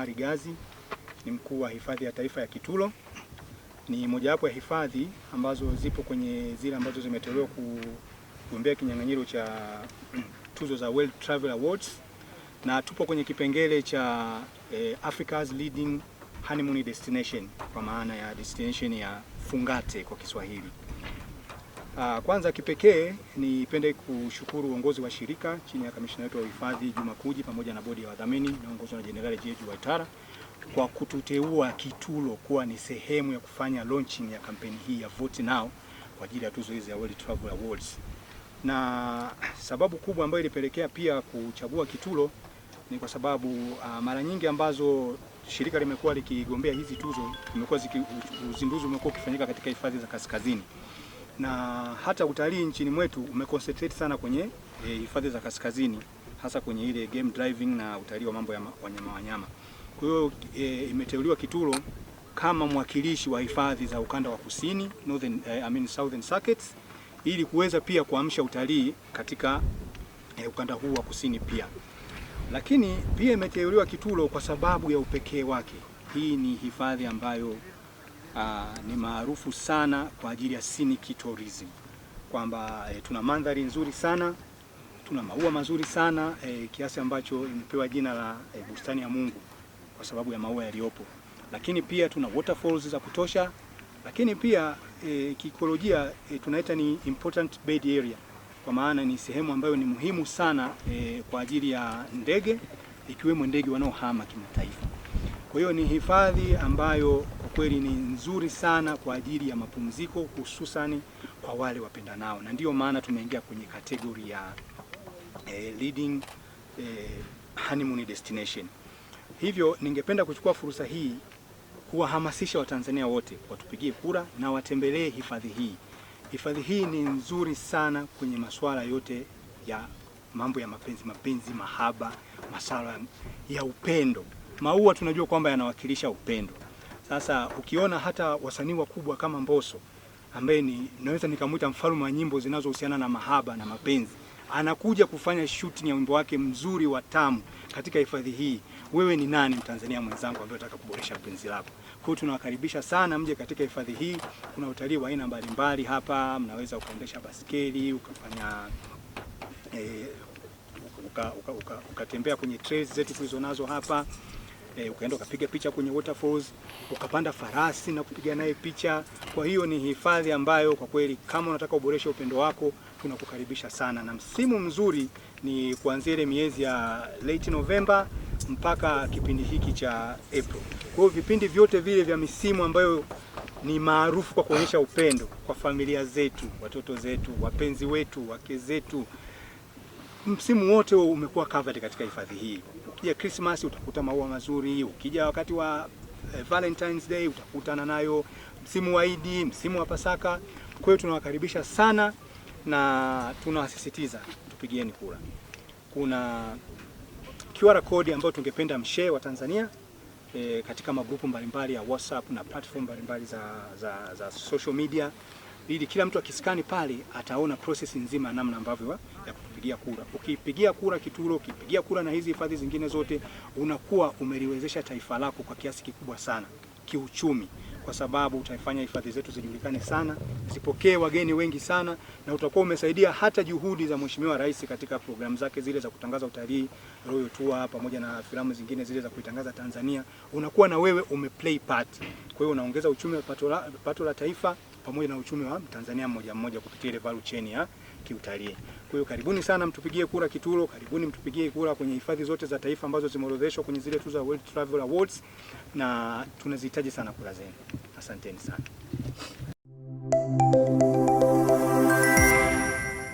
Bahari Gazi ni mkuu wa hifadhi ya taifa ya Kitulo. Ni mojawapo ya hifadhi ambazo zipo kwenye zile ambazo zimetolewa kugombea kinyang'anyiro cha tuzo za World Travel Awards na tupo kwenye kipengele cha eh, Africa's Leading Honeymoon Destination kwa maana ya destination ya fungate kwa Kiswahili. Ah, kwanza kipekee nipende kushukuru uongozi wa shirika chini ya kamishina wetu wa uhifadhi Juma Kuji pamoja na bodi ya wadhamini inaongozwa na Jenerali Jeju Waitara kwa kututeua Kitulo kuwa ni sehemu ya kufanya launching ya kampeni hii ya Vote Now kwa ajili ya tuzo hizi ya World Travel Awards. Na sababu kubwa ambayo ilipelekea pia kuchagua Kitulo ni kwa sababu uh, mara nyingi ambazo shirika limekuwa likigombea hizi tuzo imekuwa uzinduzi umekuwa ukifanyika katika hifadhi za kaskazini na hata utalii nchini mwetu umeconcentrate sana kwenye eh, hifadhi e, za kaskazini hasa kwenye ile game driving na utalii wa mambo ya wanyama wanyama. Kwa hiyo e, imeteuliwa Kitulo kama mwakilishi wa hifadhi za ukanda wa kusini northern, e, I mean southern circuits ili kuweza pia kuamsha utalii katika e, ukanda huu wa kusini pia. Lakini pia imeteuliwa Kitulo kwa sababu ya upekee wake. Hii ni hifadhi ambayo Ah, ni maarufu sana kwa ajili ya scenic tourism kwamba e, tuna mandhari nzuri sana, tuna maua mazuri sana e, kiasi ambacho imepewa jina la e, bustani ya Mungu kwa sababu ya maua yaliyopo, lakini pia tuna waterfalls za kutosha, lakini pia e, kiikolojia e, tunaita ni important bird area kwa maana ni sehemu ambayo ni muhimu sana e, kwa ajili ya ndege ikiwemo ndege wanaohama kimataifa. Kwa hiyo ni hifadhi ambayo kweli ni nzuri sana kwa ajili ya mapumziko, hususani kwa wale wapendanao, na ndiyo maana tumeingia kwenye kategori ya eh, leading eh, honeymoon destination. Hivyo ningependa kuchukua fursa hii kuwahamasisha Watanzania wote watupigie kura na watembelee hifadhi hii. Hifadhi hii ni nzuri sana kwenye masuala yote ya mambo ya mapenzi, mapenzi, mahaba, masuala ya upendo. Maua tunajua kwamba yanawakilisha upendo. Sasa ukiona hata wasanii wakubwa kama Mbosso ambaye ni naweza nikamwita mfalme wa nyimbo zinazohusiana na mahaba na mapenzi anakuja kufanya shooting ya wimbo wake mzuri wa Tamu katika hifadhi hii. Wewe ni nani Mtanzania mwenzangu ambaye unataka kuboresha penzi lako? Kwa hiyo tunawakaribisha sana mje katika hifadhi hii. Kuna utalii wa aina mbalimbali hapa, mnaweza ukaendesha basikeli, ukafanya eh, ukatembea uka, uka, uka kwenye trails zetu tulizonazo hapa e, ukaenda ukapiga picha kwenye waterfalls, ukapanda farasi na kupiga naye picha. Kwa hiyo ni hifadhi ambayo kwa kweli kama unataka uboreshe upendo wako tunakukaribisha sana, na msimu mzuri ni kuanzia ile miezi ya late November mpaka kipindi hiki cha April. Kwa hiyo vipindi vyote vile vya misimu ambayo ni maarufu kwa kuonyesha upendo kwa familia zetu, watoto zetu, wapenzi wetu, wake zetu, msimu wote umekuwa covered katika hifadhi hii ukija Christmas utakuta maua mazuri, ukija wakati wa eh, Valentine's Day utakutana nayo, msimu wa Idi, msimu wa Pasaka. Kwa hiyo tunawakaribisha sana na tunawasisitiza tupigieni kura. Kuna QR code ambayo tungependa mshare wa Tanzania eh, katika magrupu mbalimbali ya WhatsApp na platform mbalimbali za, za, za social media ili kila mtu akiskani pale ataona process nzima namna ambavyo ya kupigia kura. Ukipigia kura kituro ukipigia kura na hizi hifadhi zingine zote, unakuwa umeliwezesha taifa lako kwa kiasi kikubwa sana kiuchumi kwa sababu utaifanya hifadhi zetu zijulikane sana, zipokee wageni wengi sana, na utakuwa umesaidia hata juhudi za Mheshimiwa Rais katika programu zake zile za kutangaza utalii, Royal Tour pamoja na filamu zingine zile za kuitangaza Tanzania, unakuwa na wewe ume play part. Kwa hiyo unaongeza uchumi wa pato la, pato la taifa pamoja na uchumi wa Tanzania mmoja mmoja kupitia ile value chain ya kiutalii. Kwa hiyo karibuni sana mtupigie kura Kitulo, karibuni mtupigie kura kwenye hifadhi zote za taifa ambazo zimeorodheshwa kwenye zile tuzo za World Travel Awards na tunazihitaji sana kura zenu. Asanteni sana.